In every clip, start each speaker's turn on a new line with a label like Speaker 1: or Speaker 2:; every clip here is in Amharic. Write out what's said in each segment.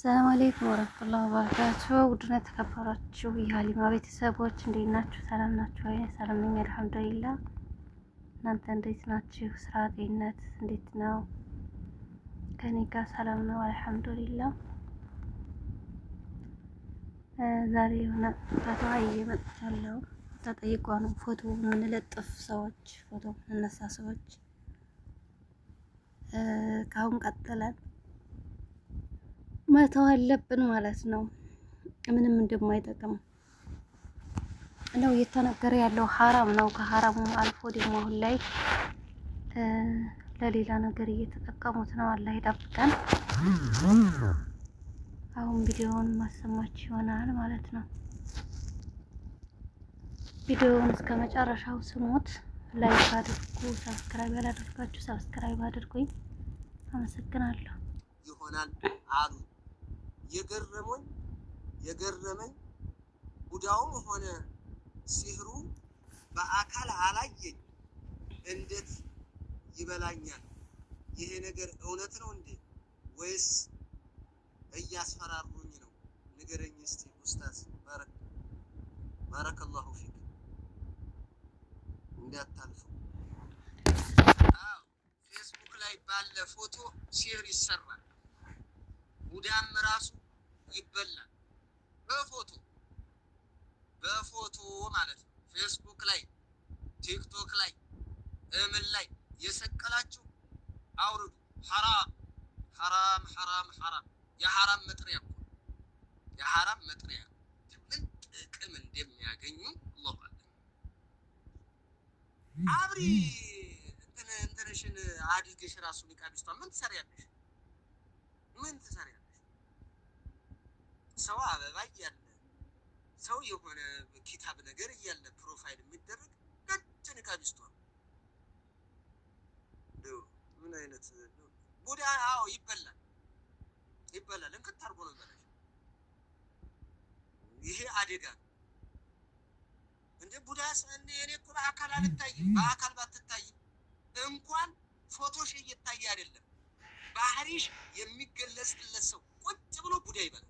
Speaker 1: ሰላም አለይኩም ወራህመቱላሂ ወበረካቱ። ውድና የተከበራችሁ የሀሊማ ቤተሰቦች እንዴት ናችሁ? ሰላም ናችሁ ወይ? ሰላም ነኝ አልሐምዱሊላህ። እናንተ እንዴት ናችሁ? ስራ፣ ጤንነት እንዴት ነው? ከኔ ጋር ሰላም ነው አልሐምዱሊላህ። ዛሬ የሆነ ፎቶ እየመጣለሁ ተጠይቋ ነው ፎቶ የምንለጥፍ ሰዎች ፎቶ የምንነሳ ሰዎች ካሁን ቀጥለን መተው አለብን ማለት ነው። ምንም እንደማይጠቅም ነው እየተነገረ ያለው ሀራም ነው። ከሀራሙ አልፎ ደግሞ አሁን ላይ ለሌላ ነገር እየተጠቀሙት ነው። አላህ ይጠብቀን። አሁን ቪዲዮውን ማሰማች ይሆናል ማለት ነው። ቪዲዮውን እስከ መጨረሻው ስሙት። ላይክ አድርጉ። ሰብስክራይብ ያላደርጋችሁ ሰብስክራይብ አድርጉኝ። አመሰግናለሁ።
Speaker 2: ይሆናል አሉ የገረመኝ የገረመኝ ቡዳውም ሆነ ሲህሩ በአካል አላየኝ፣ እንዴት ይበላኛል? ይሄ ነገር እውነት ነው እንዴ? ወይስ እያስፈራሩኝ ነው? ንገረኝ እስቲ ኡስታዝ። ባረክ ባረከላሁ ፊክ እንዳታልፈው። ፌስቡክ ላይ ባለ ፎቶ ሲህር ይሰራል። ቡዳም ራሱ ይበላል። በፎቶ በፎቶ ማለት ነው። ፌስቡክ ላይ፣ ቲክቶክ ላይ እምን ላይ የሰቀላችሁ አውርዱ። ሐራም ሐራም ሐራም ሐራም የሐራም መጥሪያ እኮ የሐራም መጥሪያ ምን ጥቅም እንደሚያገኙ አላሁ አለም። አብሪ እንትንሽን አድርገሽ ራሱ ኒቃብ ውስጥ ምን ትሰሪያለሽ? ምን ትሰሪያለሽ? ሰው አበባ እያለ ሰው የሆነ ኪታብ ነገር እያለ ፕሮፋይል የሚደረግ ነጭ ንቃብ ይስቷል። ምን አይነት ቡዳ! አዎ ይበላል፣ ይበላል። እንክት አድርጎ ነው ይበላል። ይሄ አደጋ ነው። እንደ ቡዳ እኔ እኮ በአካል አልታይም። በአካል ባትታይም እንኳን ፎቶሽ እየታየ አይደለም ባህሪሽ የሚገለጽለት ሰው ቁጭ ብሎ ቡዳ ይበላል።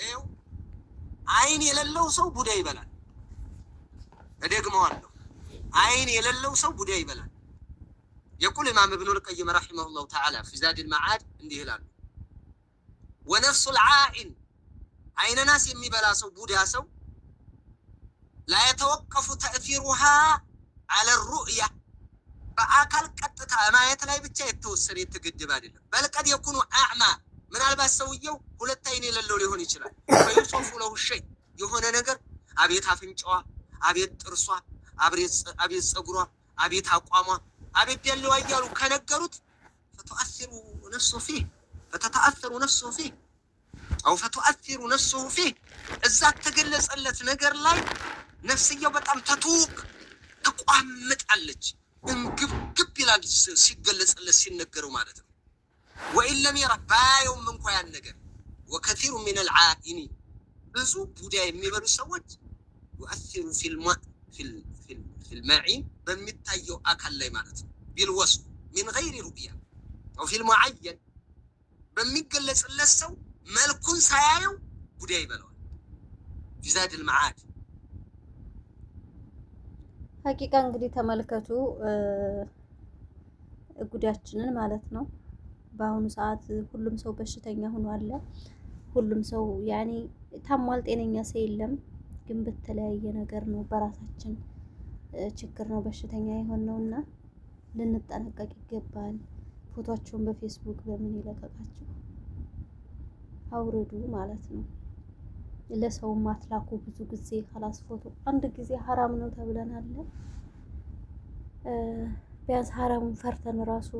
Speaker 2: ايو عين يللو سو بوداي بلان اديق موالو عين يللو سو بوداي بلان يقول امام ابن القيم رحمه الله تعالى في زاد المعاد اندي هلال ونفس العائن عين ناس يمي بلا سو بودا سو لا يتوقف تأثيرها على الرؤية فأكل قد ما يتلاي بچا يتوسر يتقدب بل قد يكون أعمى من ألباس سويو قلت የሌለው ሊሆን ይችላል። ፈዩሱፉ ለሁ የሆነ ነገር አቤት አፍንጫዋ፣ አቤት ጥርሷ፣ አቤት ፀጉሯ፣ አቤት አቋሟ፣ አቤት ደለዋ እያሉ ከነገሩት ፈተአሲሩ ነፍሱ ፊህ ፈተተአሰሩ ነፍሱ ፊህ አው ፈተአሲሩ ነፍሱ ፊህ እዛ ተገለጸለት ነገር ላይ ነፍስየው በጣም ተትውቅ ትቋምጣለች። እንግብግብ ይላል ሲገለጽለት ሲነገረው ማለት ነው። ወኢን ለም እንኳ ያን ነገር ወከቲሩ ሚነል ዓኢኒ ብዙ ቡዳ የሚበሉ ሰዎች ዩአሲሩ ፊልመዒን በሚታየው አካል ላይ ማለት ነው። ቢልወስ ሚን ገይሪ ሩእያ አው ፊልሙዓየን በሚገለጽለት ሰው መልኩን ሳያየው ቡዳ ይበለዋል። ቢዛድል መዓድ
Speaker 1: ሀቂቃ እንግዲህ ተመልከቱ ጉዳያችንን ማለት ነው። በአሁኑ ሰዓት ሁሉም ሰው በሽተኛ ሆኖ አለ። ሁሉም ሰው ያኔ ታሟል፣ ጤነኛ ሰው የለም። ግን በተለያየ ነገር ነው በራሳችን ችግር ነው በሽተኛ የሆን ነው እና ልንጠነቀቅ ይገባል። ፎቶቸውን በፌስቡክ በምን ይለቀቃቸው አውርዱ ማለት ነው። ለሰው ማትላኩ ብዙ ጊዜ ከላስ ፎቶ አንድ ጊዜ ሀራም ነው ተብለን ቢያንስ ሀራሙን ፈርተን ራሱ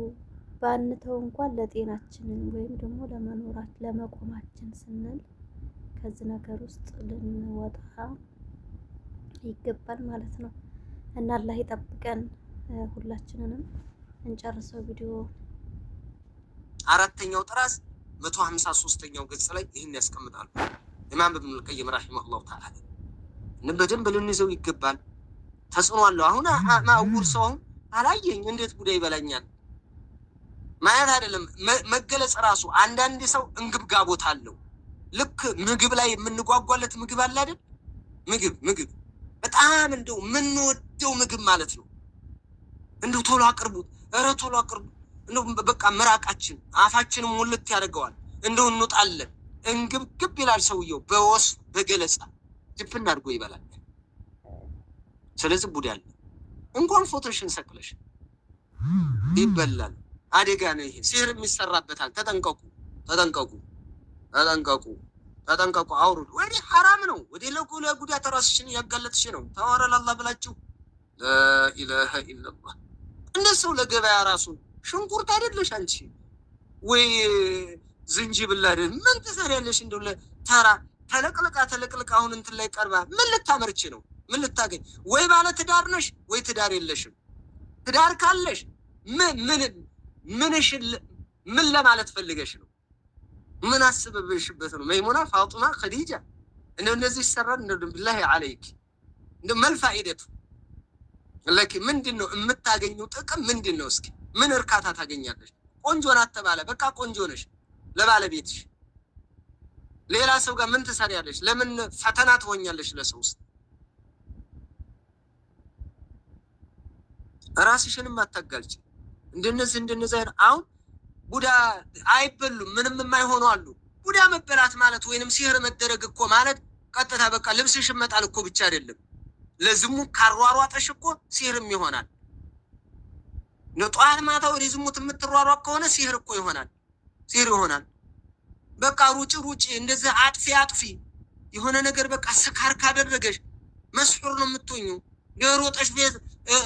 Speaker 1: ባንተው እንኳን ለጤናችን ወይም ደግሞ ለመኖራት ለመቆማችን ስንል ከዚህ ነገር ውስጥ ልንወጣ ይገባል ማለት ነው። እና አላህ ይጠብቀን ሁላችንንም። እንጨርሰው ቪዲዮ
Speaker 2: አራተኛው ጥራዝ መቶ ሀምሳ ሶስተኛው ገጽ ላይ ይህን ያስቀምጣሉ ኢማም ኢብኑል ቀይም ረሂመሁላሁ ተዓላ። በደንብ ልንይዘው ይገባል። ተጽዕኖ አለው። አሁን ማእውር ሰው አሁን አላየኝ እንዴት ጉዳይ ይበላኛል ማየት አይደለም መገለጽ ራሱ። አንዳንድ ሰው እንግብጋቦት አለው። ልክ ምግብ ላይ የምንጓጓለት ምግብ አለ አይደል? ምግብ ምግብ በጣም እንደው የምንወደው ምግብ ማለት ነው። እንደው ቶሎ አቅርቡት፣ እረ ቶሎ አቅርቡት። እንደው በቃ ምራቃችን አፋችንም ሙልት ያደርገዋል። እንደው እንውጣለን። እንግብግብ ይላል ሰውየው። በወስ በገለጻ ድብን አድርጎ ይበላል። ስለዚህ ቡዳ ያለ እንኳን ፎቶሽን ሰቅለሽ ይበላል። አደጋ ነው ይሄ። ሲህር የሚሰራበታል። ተጠንቀቁ፣ ተጠንቀቁ፣ ተጠንቀቁ፣ ተጠንቀቁ። አውሩ ወደ ሐራም ነው፣ ወደ ለጉ ጉዳት ራስሽን እያጋለጥሽ ነው። ተዋረላላ ብላችሁ ላኢላሃ ኢላላህ። እንደ ለገበያ ራሱ ሽንኩርት አይደለሽ አንቺ ወይ ዝንጅብል አይደል? ምን ትሰሪያለሽ? እንደው ተራ ተለቅልቃ ተለቅልቃ አሁን እንትን ላይ ቀርባ ምን ልታመርች ነው? ምን ልታገኝ? ወይ ባለ ትዳር ነሽ ወይ ትዳር የለሽም። ትዳር ካለሽ ምን ምንሽ ምን ለማለት ፈልገሽ ነው? ምን አስበብሽበት ነው? መይሙና፣ ፋጡማ፣ ከዲጃ እንደ እነዚህ ይሰራል። እንደ ብላሂ አለይክ እንደ መልፋኢደቱ ለኪ ምንድን ነው የምታገኘው ጥቅም ምንድን ነው? እስኪ ምን እርካታ ታገኛለሽ? ቆንጆ ናት ተባለ፣ በቃ ቆንጆ ነሽ ለባለቤትሽ። ሌላ ሰው ጋር ምን ትሰሪያለሽ? ለምን ፈተና ትሆኛለሽ ለሰው ውስጥ? ራስሽንም አታጋልጭ። እንደነዚህ እንደነዚህ አሁን ቡዳ አይበሉም ምንም የማይሆኑ አሉ። ቡዳ መበላት ማለት ወይንም ሲህር መደረግ እኮ ማለት ቀጥታ በቃ ልብስ ሽመጣል እኮ ብቻ አይደለም። ለዝሙት ካሯሯጠሽ እኮ ሲህርም ይሆናል። ጠዋት ማታ ወደ ዝሙት የምትሯሯጥ ከሆነ ሲህር እኮ ይሆናል፣ ሲህር ይሆናል። በቃ ሩጭ ሩጭ፣ እንደዚህ አጥፊ አጥፊ የሆነ ነገር በቃ ስካር ካደረገሽ መስሑር ነው የምትኙ። የሮጠሽ ቤት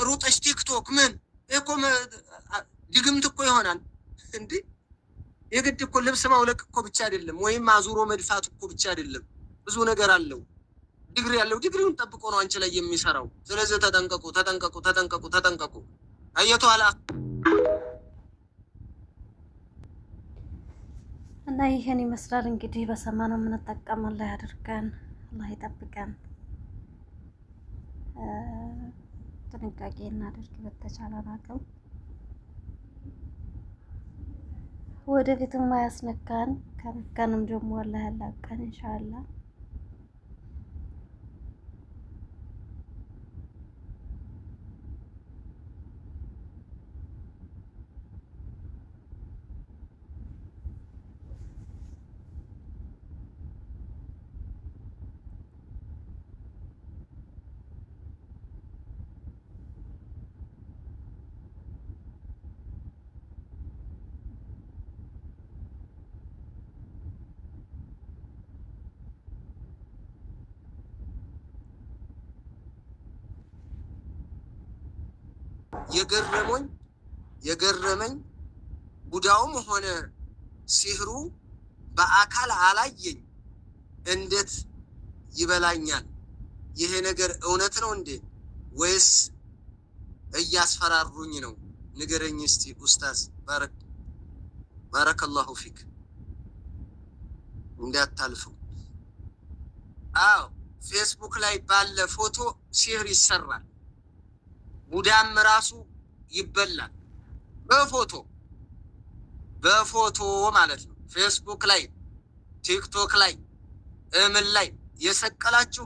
Speaker 2: ሮጠሽ ቲክቶክ ምን እኮ ድግምት እኮ ይሆናል እንዴ? የግድ እኮ ልብስ ማውለቅ እኮ ብቻ አይደለም፣ ወይም አዙሮ መድፋት እኮ ብቻ አይደለም። ብዙ ነገር አለው። ዲግሪ ያለው ዲግሪውን ጠብቆ ነው አንቺ ላይ የሚሰራው። ስለዚህ ተጠንቀቁ፣ ተጠንቀቁ፣ ተጠንቀቁ፣ ተጠንቀቁ። አየቱ አላ
Speaker 1: እና ይህን ይመስላል እንግዲህ በሰማነው የምንጠቀመው ላይ አድርገን አላህ ይጠብቀን። ጥንቃቄ እናደርግ በተቻለን አቅም። ወደፊትም አያስነካን ከነካንም ደግሞ አላህ ያላቀን ኢንሻአላህ።
Speaker 2: የገረመኝ የገረመኝ ቡዳውም ሆነ ሲህሩ በአካል አላየኝ፣ እንዴት ይበላኛል? ይሄ ነገር እውነት ነው እንዴ ወይስ እያስፈራሩኝ ነው? ንገረኝ እስቲ ኡስታዝ። ባረከላሁ ፊክ እንዳታልፈው። አዎ ፌስቡክ ላይ ባለ ፎቶ ሲህር ይሰራል። ቡዳም ራሱ ይበላል። በፎቶ በፎቶ ማለት ነው። ፌስቡክ ላይ፣ ቲክቶክ ላይ፣ እምን ላይ የሰቀላችሁ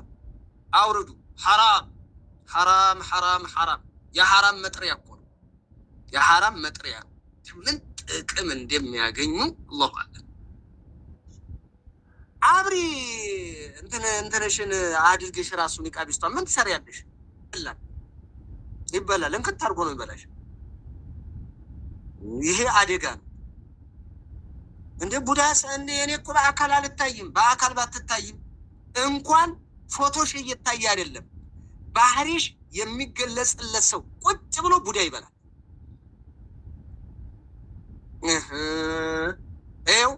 Speaker 2: አውርዱ። ሐራም ሐራም ሐራም ሐራም የሐራም መጥሪያ እኮ ነው። የሐራም መጥሪያ ምን ጥቅም እንደሚያገኙ አላሁ አለም። አብሪ እንትን እንትንሽን አድርግሽ ራሱ ኒቃቢስቷ ምን ትሰሪያለሽ? ይበላል። እንክት አድርጎ ነው ይበላሽ። ይሄ አደጋ ነው። እንደ ቡዳ እኔ እኮ በአካል አልታይም። በአካል ባትታይም እንኳን ፎቶሽ እየታየ አይደለም ባህሪሽ የሚገለጽለት ሰው ቁጭ ብሎ ቡዳ ይበላል። ይኸው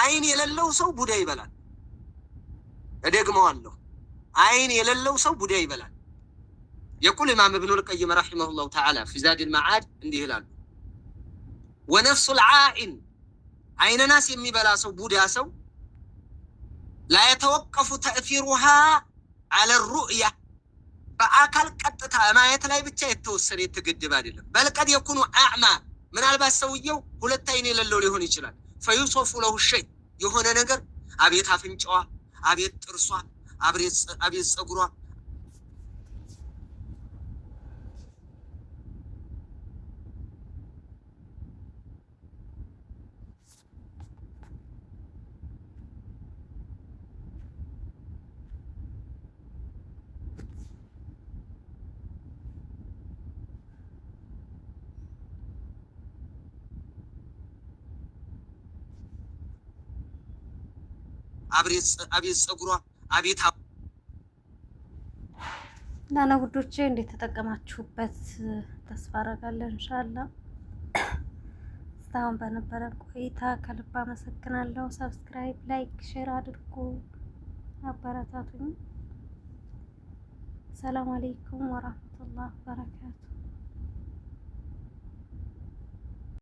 Speaker 2: አይን የሌለው ሰው ቡዳ ይበላል። እደግመዋለሁ፣ አይን የሌለው ሰው ቡዳ ይበላል። የቁል ኢማም እብኑ ልቀይም ረሒመሁላሁ ተዓላ ፊ ዛዲል መዓድ እንዲህ ይላሉ፣ ወነፍሱ ልዓኢን አይነናስ የሚበላ ሰው ቡዳ ሰው ላየተወቀፉ ተእፊሩሃ አለ ሩእያ በአካል ቀጥታ ማየት ላይ ብቻ የተወሰነ የተገደበ አይደለም። በልቀድ የኩኑ አዕማ ምናልባት ሰውየው ሁለት አይን የሌለው ሊሆን ይችላል። ፈዩሶፉ ለሁ ሸይ የሆነ ነገር አቤት አፍንጫዋ፣ አቤት ጥርሷ፣ አቤት ፀጉሯ
Speaker 1: አቤት ጸጉሯ፣ አቤት ናና ውዶቼ እንዴት ተጠቀማችሁበት? ተስፋ አደርጋለን እንሻላ። እስካሁን በነበረ ቆይታ ከልብ አመሰግናለሁ። ሰብስክራይብ፣ ላይክ፣ ሼር አድርጉ፣ አበረታቱኝ። ሰላም አሌይኩም ወራህመቱላህ በረካቱ